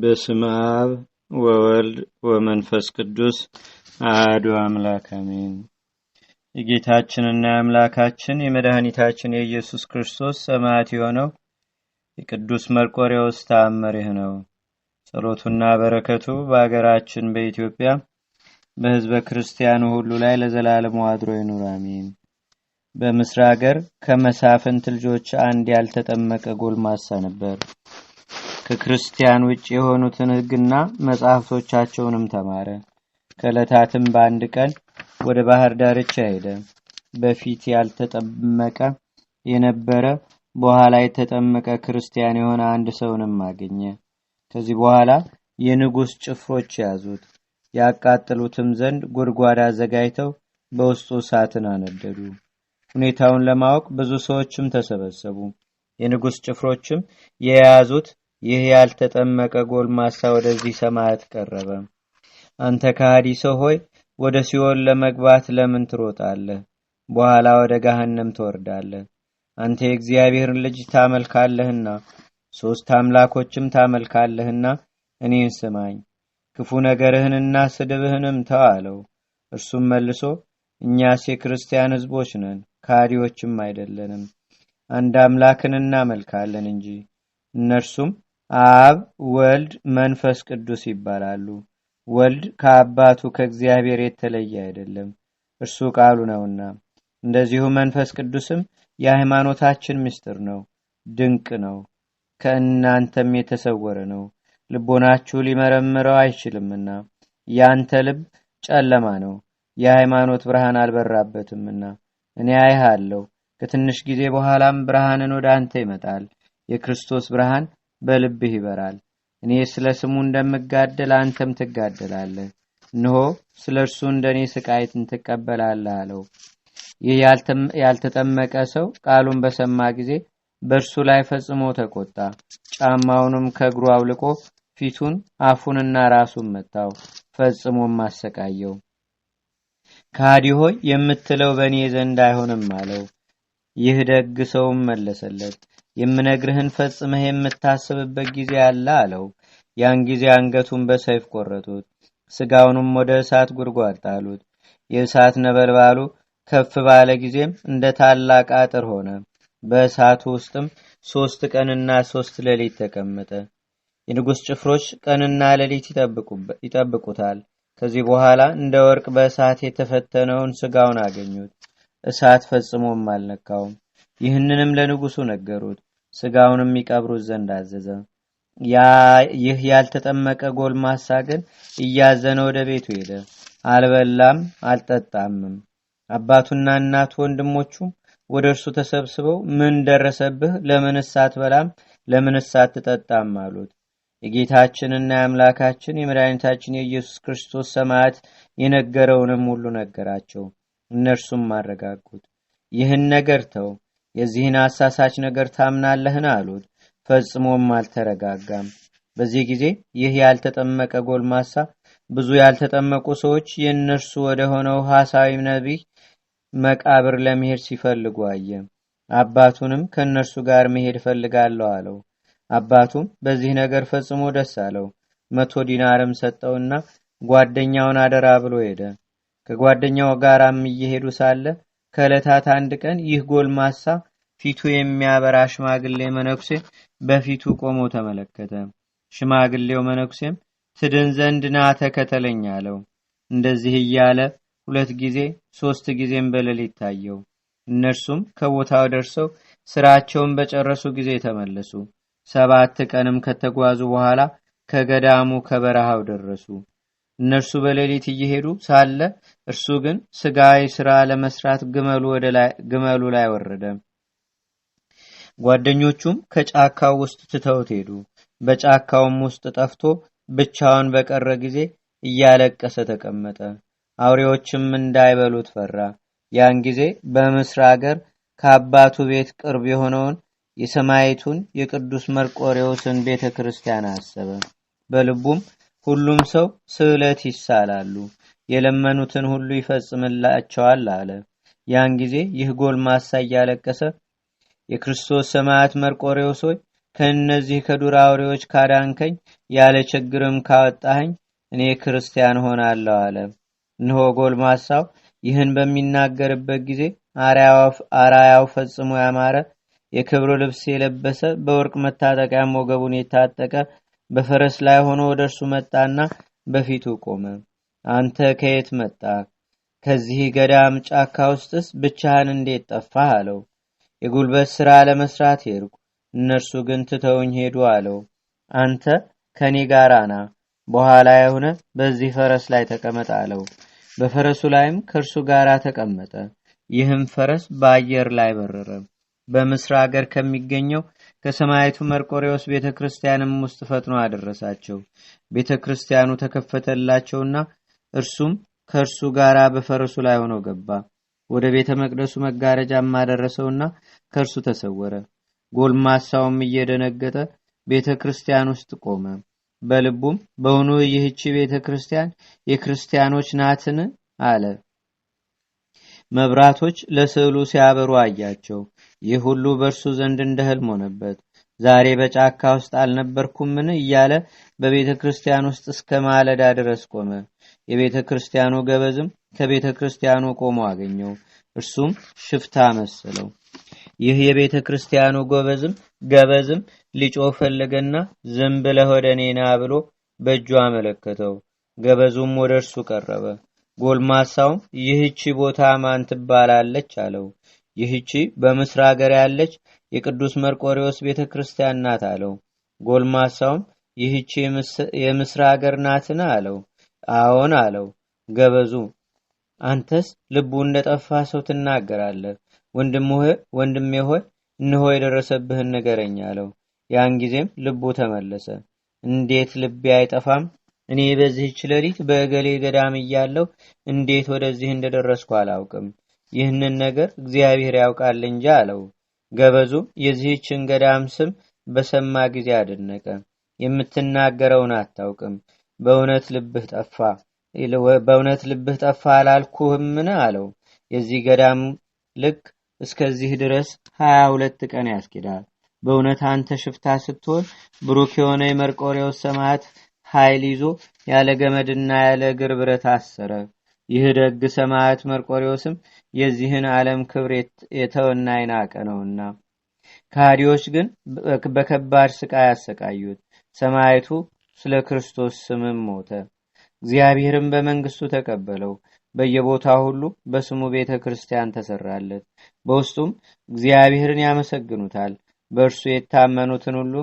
በስም አብ ወወልድ ወመንፈስ ቅዱስ አህዱ አምላክ አሜን። የጌታችንና የአምላካችን የመድኃኒታችን የኢየሱስ ክርስቶስ ሰማዕት የሆነው የቅዱስ መርቆሬዎስ ተአምር ይህ ነው። ጸሎቱና በረከቱ በአገራችን በኢትዮጵያ በህዝበ ክርስቲያኑ ሁሉ ላይ ለዘላለም አድሮ ይኑር አሜን። በምስር አገር ከመሳፍንት ልጆች አንድ ያልተጠመቀ ጎልማሳ ነበር። ከክርስቲያን ውጭ የሆኑትን ህግና መጽሐፍቶቻቸውንም ተማረ። ከለታትም በአንድ ቀን ወደ ባህር ዳርቻ ሄደ። በፊት ያልተጠመቀ የነበረ በኋላ የተጠመቀ ክርስቲያን የሆነ አንድ ሰውንም አገኘ። ከዚህ በኋላ የንጉሥ ጭፍሮች ያዙት። ያቃጥሉትም ዘንድ ጉድጓድ አዘጋጅተው በውስጡ እሳትን አነደዱ። ሁኔታውን ለማወቅ ብዙ ሰዎችም ተሰበሰቡ። የንጉሥ ጭፍሮችም የያዙት ይህ ያልተጠመቀ ጎልማሳ ወደዚህ ሰማያት ቀረበ። አንተ ከሃዲ ሰው ሆይ ወደ ሲኦል ለመግባት ለምን ትሮጣለህ? በኋላ ወደ ጋህንም ትወርዳለህ። አንተ የእግዚአብሔርን ልጅ ታመልካለህና ሦስት አምላኮችም ታመልካለህና እኔን ስማኝ፣ ክፉ ነገርህንና ስድብህንም ተው አለው። እርሱም መልሶ እኛስ የክርስቲያን ህዝቦች ነን ከሃዲዎችም አይደለንም፣ አንድ አምላክን እናመልካለን እንጂ እነርሱም አብ ወልድ መንፈስ ቅዱስ ይባላሉ። ወልድ ከአባቱ ከእግዚአብሔር የተለየ አይደለም፣ እርሱ ቃሉ ነውና። እንደዚሁ መንፈስ ቅዱስም የሃይማኖታችን ምስጢር ነው፣ ድንቅ ነው፣ ከእናንተም የተሰወረ ነው፣ ልቦናችሁ ሊመረምረው አይችልምና። ያንተ ልብ ጨለማ ነው፣ የሃይማኖት ብርሃን አልበራበትምና። እኔ አይሃለሁ፣ ከትንሽ ጊዜ በኋላም ብርሃንን ወደ አንተ ይመጣል። የክርስቶስ ብርሃን በልብህ ይበራል። እኔ ስለ ስሙ እንደምጋደል አንተም ትጋደላለህ። እንሆ ስለ እርሱ እንደ እኔ ስቃይትን ትቀበላለህ አለው። ይህ ያልተጠመቀ ሰው ቃሉን በሰማ ጊዜ በእርሱ ላይ ፈጽሞ ተቆጣ። ጫማውንም ከእግሩ አውልቆ ፊቱን አፉንና ራሱን መታው፣ ፈጽሞም አሰቃየው። ከሃዲ ሆይ የምትለው በእኔ ዘንድ አይሆንም አለው። ይህ ደግ ሰውም መለሰለት፣ የምነግርህን ፈጽመህ የምታስብበት ጊዜ አለ አለው። ያን ጊዜ አንገቱን በሰይፍ ቆረጡት፣ ስጋውንም ወደ እሳት ጉድጓድ ጣሉት። የእሳት ነበልባሉ ከፍ ባለ ጊዜም እንደ ታላቅ አጥር ሆነ። በእሳቱ ውስጥም ሶስት ቀንና ሶስት ሌሊት ተቀመጠ። የንጉሥ ጭፍሮች ቀንና ሌሊት ይጠብቁታል። ከዚህ በኋላ እንደ ወርቅ በእሳት የተፈተነውን ስጋውን አገኙት። እሳት ፈጽሞም አልነካውም። ይህንንም ለንጉሱ ነገሩት። ስጋውንም የሚቀብሩት ዘንድ አዘዘ። ይህ ያልተጠመቀ ጎልማሳ ግን እያዘነ ወደ ቤቱ ሄደ። አልበላም አልጠጣምም። አባቱና እናቱ ወንድሞቹ ወደ እርሱ ተሰብስበው ምን ደረሰብህ? ለምንስ አትበላም? ለምንስ አትጠጣም? አሉት። የጌታችንና የአምላካችን የመድኃኒታችን የኢየሱስ ክርስቶስ ሰማዕት የነገረውንም ሁሉ ነገራቸው። እነርሱም አረጋጉት። ይህን ነገር ተው የዚህን አሳሳች ነገር ታምናለህን አሉት ፈጽሞም አልተረጋጋም በዚህ ጊዜ ይህ ያልተጠመቀ ጎልማሳ ብዙ ያልተጠመቁ ሰዎች የእነርሱ ወደ ሆነው ሐሳዊ ነቢይ መቃብር ለመሄድ ሲፈልጉ አየ አባቱንም ከእነርሱ ጋር መሄድ እፈልጋለሁ አለው አባቱም በዚህ ነገር ፈጽሞ ደስ አለው መቶ ዲናርም ሰጠውና ጓደኛውን አደራ ብሎ ሄደ ከጓደኛው ጋርም እየሄዱ ሳለ ከዕለታት አንድ ቀን ይህ ጎልማሳ ፊቱ የሚያበራ ሽማግሌ መነኩሴ በፊቱ ቆሞ ተመለከተ። ሽማግሌው መነኩሴም ትድን ዘንድ ና ተከተለኝ አለው። እንደዚህ እያለ ሁለት ጊዜ ሶስት ጊዜም በሌል ይታየው እነርሱም ከቦታው ደርሰው ስራቸውን በጨረሱ ጊዜ ተመለሱ። ሰባት ቀንም ከተጓዙ በኋላ ከገዳሙ ከበረሃው ደረሱ። እነርሱ በሌሊት እየሄዱ ሳለ እርሱ ግን ስጋዊ ስራ ለመስራት ግመሉ ላይ ወረደ። ጓደኞቹም ከጫካው ውስጥ ትተውት ሄዱ። በጫካውም ውስጥ ጠፍቶ ብቻውን በቀረ ጊዜ እያለቀሰ ተቀመጠ። አውሬዎችም እንዳይበሉት ፈራ። ያን ጊዜ በምስር አገር ከአባቱ ቤት ቅርብ የሆነውን የሰማይቱን የቅዱስ መርቆሬዎስን ቤተ ክርስቲያን አሰበ። በልቡም ሁሉም ሰው ስዕለት ይሳላሉ፣ የለመኑትን ሁሉ ይፈጽምላቸዋል አለ። ያን ጊዜ ይህ ጎልማሳ እያለቀሰ የክርስቶስ ሰማያት መርቆሬዎስ ሆይ ከእነዚህ ከዱር አውሬዎች ካዳንከኝ ያለ ችግርም ካወጣኸኝ እኔ ክርስቲያን ሆናለሁ አለ። እንሆ ጎልማሳው ይህን በሚናገርበት ጊዜ አራያው ፈጽሞ ያማረ የክብሩ ልብስ የለበሰ በወርቅ መታጠቂያም ወገቡን የታጠቀ በፈረስ ላይ ሆኖ ወደ እርሱ መጣና በፊቱ ቆመ። አንተ ከየት መጣ? ከዚህ ገዳም ጫካ ውስጥስ ብቻህን እንዴት ጠፋ አለው። የጉልበት ሥራ ለመስራት ሄድኩ፣ እነርሱ ግን ትተውኝ ሄዱ አለው። አንተ ከኔ ጋር ና፣ በኋላ የሆነ በዚህ ፈረስ ላይ ተቀመጠ አለው። በፈረሱ ላይም ከእርሱ ጋር ተቀመጠ። ይህም ፈረስ በአየር ላይ በረረ። በምስር አገር ከሚገኘው ከሰማይቱ መርቆሬዎስ ቤተ ክርስቲያንም ውስጥ ፈጥኖ አደረሳቸው። ቤተ ክርስቲያኑ ተከፈተላቸውና እርሱም ከእርሱ ጋር በፈረሱ ላይ ሆኖ ገባ። ወደ ቤተ መቅደሱ መጋረጃም አደረሰውና ከእርሱ ተሰወረ። ጎልማሳውም እየደነገጠ ቤተ ክርስቲያን ውስጥ ቆመ። በልቡም በውኑ ይህቺ ቤተ ክርስቲያን የክርስቲያኖች ናትን? አለ። መብራቶች ለስዕሉ ሲያበሩ አያቸው። ይህ ሁሉ በእርሱ ዘንድ እንደ ህልም ሆነበት። ዛሬ በጫካ ውስጥ አልነበርኩምን እያለ በቤተ ክርስቲያን ውስጥ እስከ ማለዳ ድረስ ቆመ። የቤተ ክርስቲያኑ ገበዝም ከቤተ ክርስቲያኑ ቆሞ አገኘው። እርሱም ሽፍታ መሰለው። ይህ የቤተ ክርስቲያኑ ጎበዝም ገበዝም ሊጮ ፈለገና ዝም ብለ ወደ እኔና ብሎ በእጁ አመለከተው። ገበዙም ወደ እርሱ ቀረበ። ጎልማሳውም ይህቺ ቦታ ማን ትባላለች አለው። ይህቺ በምስር አገር ያለች የቅዱስ መርቆሪዎስ ቤተ ክርስቲያን ናት አለው። ጎልማሳውም ይህቺ የምስር አገር ናትን አለው። አዎን አለው። ገበዙ አንተስ ልቡ እንደጠፋ ሰው ትናገራለህ። ወንድሜ ሆይ እንሆ የደረሰብህን ንገረኝ አለው። ያን ጊዜም ልቡ ተመለሰ። እንዴት ልቤ አይጠፋም? እኔ በዚህች ሌሊት በእገሌ ገዳም እያለሁ እንዴት ወደዚህ እንደደረስኩ አላውቅም። ይህንን ነገር እግዚአብሔር ያውቃል እንጂ አለው። ገበዙም የዚህችን ገዳም ስም በሰማ ጊዜ አደነቀ። የምትናገረውን አታውቅም፣ በእውነት ልብህ ጠፋ በእውነት ልብህ ጠፋ አላልኩህምን? አለው። የዚህ ገዳም ልክ እስከዚህ ድረስ ሀያ ሁለት ቀን ያስኪዳል። በእውነት አንተ ሽፍታ ስትሆን ብሩክ የሆነ የመርቆሬዎስ ሰማዕት ኃይል ይዞ ያለ ገመድና ያለ እግር ብረት አሰረ። ይህ ደግ መርቆሪዎ ስም የዚህን ዓለም ክብር የተወና ይናቀ ነውና ካዲዎች ግን በከባድ ስቃይ አሰቃዩት ሰማይቱ ስለ ክርስቶስ ስምም ሞተ እግዚአብሔርም በመንግስቱ ተቀበለው በየቦታ ሁሉ በስሙ ቤተ ክርስቲያን ተሰራለት በውስጡም እግዚአብሔርን ያመሰግኑታል በእርሱ የታመኑትን ሁሉ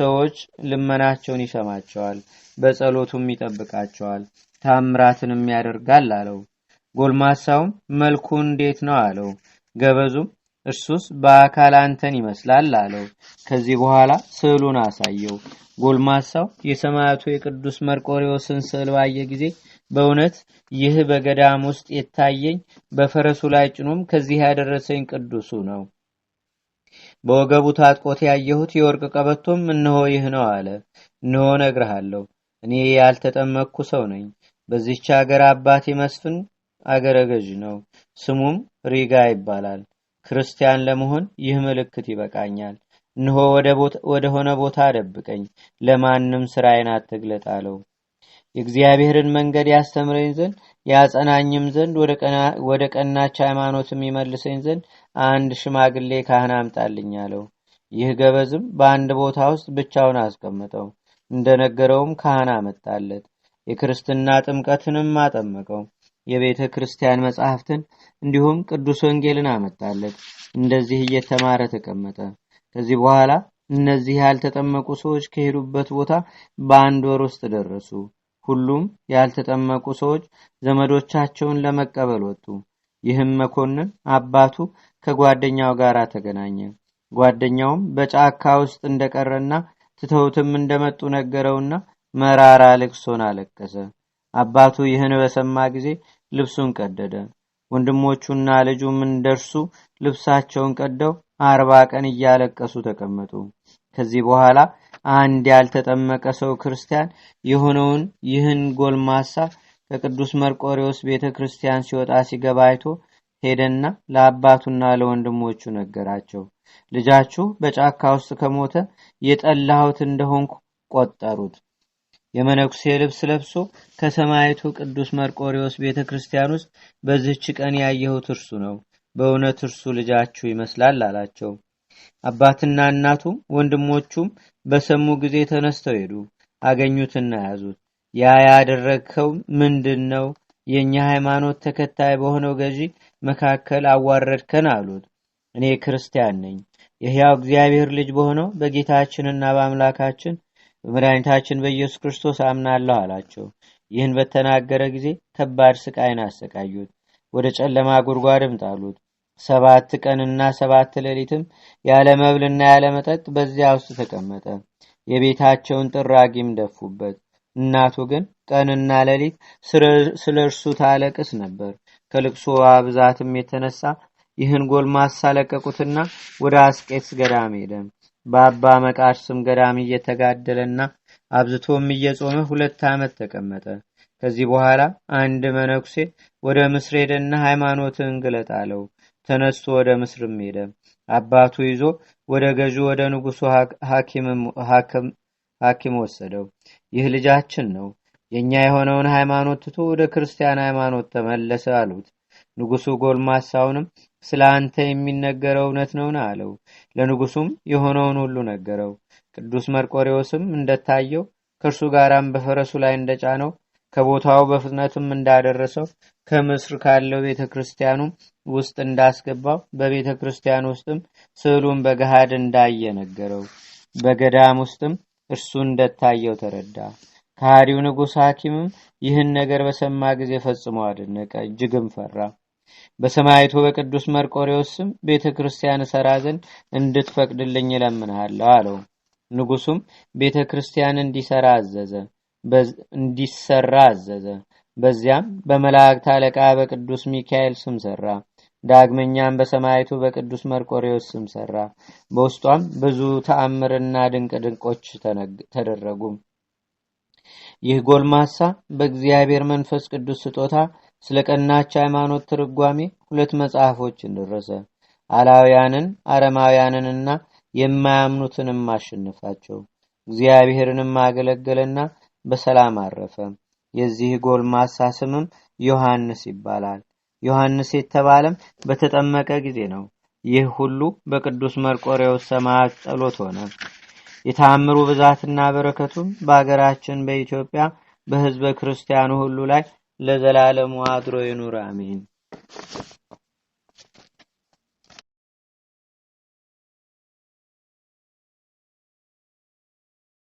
ሰዎች ልመናቸውን ይሰማቸዋል በጸሎቱም ይጠብቃቸዋል ታምራትንም ያደርጋል አለው ጎልማሳውም መልኩ እንዴት ነው አለው ገበዙም እርሱስ በአካል አንተን ይመስላል አለው ከዚህ በኋላ ስዕሉን አሳየው ጎልማሳው የሰማያቱ የቅዱስ መርቆሪዎስን ስዕል ባየ ጊዜ በእውነት ይህ በገዳም ውስጥ የታየኝ በፈረሱ ላይ ጭኖም ከዚህ ያደረሰኝ ቅዱሱ ነው በወገቡ ታጥቆት ያየሁት የወርቅ ቀበቶም እንሆ ይህ ነው አለ እንሆ ነግርሃለሁ እኔ ያልተጠመቅኩ ሰው ነኝ። በዚች አገር አባቴ መስፍን አገረ ገዥ ነው። ስሙም ሪጋ ይባላል። ክርስቲያን ለመሆን ይህ ምልክት ይበቃኛል። እንሆ ወደ ሆነ ቦታ አደብቀኝ፣ ለማንም ስራዬን አትግለጥ አለው። የእግዚአብሔርን መንገድ ያስተምረኝ ዘንድ ያጸናኝም ዘንድ ወደ ቀናች ሃይማኖትም ይመልሰኝ ዘንድ አንድ ሽማግሌ ካህን አምጣልኝ አለው። ይህ ገበዝም በአንድ ቦታ ውስጥ ብቻውን አስቀምጠው። እንደነገረውም ካህን አመጣለት። የክርስትና ጥምቀትንም አጠመቀው። የቤተ ክርስቲያን መጻሕፍትን እንዲሁም ቅዱስ ወንጌልን አመጣለት። እንደዚህ እየተማረ ተቀመጠ። ከዚህ በኋላ እነዚህ ያልተጠመቁ ሰዎች ከሄዱበት ቦታ በአንድ ወር ውስጥ ደረሱ። ሁሉም ያልተጠመቁ ሰዎች ዘመዶቻቸውን ለመቀበል ወጡ። ይህም መኮንን አባቱ ከጓደኛው ጋር ተገናኘ። ጓደኛውም በጫካ ውስጥ እንደቀረና ትተውትም እንደመጡ ነገረውና መራራ ልቅሶን አለቀሰ። አባቱ ይህን በሰማ ጊዜ ልብሱን ቀደደ። ወንድሞቹና ልጁም እንደርሱ ልብሳቸውን ቀደው አርባ ቀን እያለቀሱ ተቀመጡ። ከዚህ በኋላ አንድ ያልተጠመቀ ሰው ክርስቲያን የሆነውን ይህን ጎልማሳ ከቅዱስ መርቆሪዎስ ቤተ ክርስቲያን ሲወጣ ሲገባ አይቶ ሄደና ለአባቱና ለወንድሞቹ ነገራቸው። ልጃችሁ በጫካ ውስጥ ከሞተ የጠላሁት እንደሆንኩ ቆጠሩት። የመነኩሴ ልብስ ለብሶ ከሰማይቱ ቅዱስ መርቆሪዎስ ቤተ ክርስቲያን ውስጥ በዚህች ቀን ያየሁት እርሱ ነው፣ በእውነት እርሱ ልጃችሁ ይመስላል አላቸው። አባትና እናቱም ወንድሞቹም በሰሙ ጊዜ ተነስተው ሄዱ፣ አገኙትና ያዙት። ያ ያደረግከው ምንድን ነው? የእኛ ሃይማኖት ተከታይ በሆነው ገዢ መካከል አዋረድከን አሉት። እኔ ክርስቲያን ነኝ። የሕያው እግዚአብሔር ልጅ በሆነው በጌታችንና በአምላካችን በመድኃኒታችን በኢየሱስ ክርስቶስ አምናለሁ አላቸው። ይህን በተናገረ ጊዜ ከባድ ስቃይን አሰቃዩት፣ ወደ ጨለማ ጉድጓድም ጣሉት። ሰባት ቀንና ሰባት ሌሊትም ያለ መብልና ያለ መጠጥ በዚያ ውስጥ ተቀመጠ። የቤታቸውን ጥራጊም ደፉበት። እናቱ ግን ቀንና ሌሊት ስለ እርሱ ታለቅስ ነበር። ከልቅሶ ብዛትም የተነሳ ይህን ጎልማሳ ለቀቁትና ወደ አስቄትስ ገዳም ሄደ። በአባ መቃርስም ገዳም እየተጋደለና አብዝቶም እየጾመ ሁለት ዓመት ተቀመጠ። ከዚህ በኋላ አንድ መነኩሴ ወደ ምስር ሄደና ሃይማኖትን ግለጥ አለው። ተነስቶ ወደ ምስርም ሄደ። አባቱ ይዞ ወደ ገዢ ወደ ንጉሱ ሐኪም ወሰደው። ይህ ልጃችን ነው የእኛ የሆነውን ሃይማኖት ትቶ ወደ ክርስቲያን ሃይማኖት ተመለሰ አሉት። ንጉሱ ጎልማሳውንም ስለ አንተ የሚነገረው እውነት ነውን አለው። ለንጉሱም የሆነውን ሁሉ ነገረው። ቅዱስ መርቆሬዎስም እንደታየው ከእርሱ ጋራም በፈረሱ ላይ እንደጫነው ከቦታው በፍጥነትም እንዳደረሰው ከምስር ካለው ቤተ ክርስቲያኑ ውስጥ እንዳስገባው በቤተ ክርስቲያን ውስጥም ስዕሉን በገሃድ እንዳየ ነገረው። በገዳም ውስጥም እርሱ እንደታየው ተረዳ። ከሃዲው ንጉሥ ሐኪምም ይህን ነገር በሰማ ጊዜ ፈጽሞ አደነቀ፣ እጅግም ፈራ። በሰማይቱ በቅዱስ መርቆሬዎስ ቤተ ክርስቲያን እሰራ ዘንድ እንድትፈቅድልኝ እለምንሃለሁ አለው። ንጉሱም ቤተ ክርስቲያን እንዲሰራ አዘዘ እንዲሰራ አዘዘ። በዚያም በመላእክት አለቃ በቅዱስ ሚካኤል ስም ሰራ። ዳግመኛም በሰማይቱ በቅዱስ መርቆሬዎስ ስም ሰራ። በውስጧም ብዙ ተአምርና ድንቅ ድንቆች ተደረጉ። ይህ ጎልማሳ በእግዚአብሔር መንፈስ ቅዱስ ስጦታ ስለ ቀናች ሃይማኖት ትርጓሜ ሁለት መጽሐፎችን ደረሰ። አላውያንን አረማውያንንና የማያምኑትንም አሸንፋቸው እግዚአብሔርንም አገለገለና በሰላም አረፈ። የዚህ ጎልማሳ ስምም ዮሐንስ ይባላል። ዮሐንስ የተባለም በተጠመቀ ጊዜ ነው። ይህ ሁሉ በቅዱስ መርቆሬዎስ ሰማያት ጸሎት ሆነ። የተአምሩ ብዛትና በረከቱም በአገራችን በኢትዮጵያ በህዝበ ክርስቲያኑ ሁሉ ላይ ለዘላለሙ አድሮ ይኑር አሜን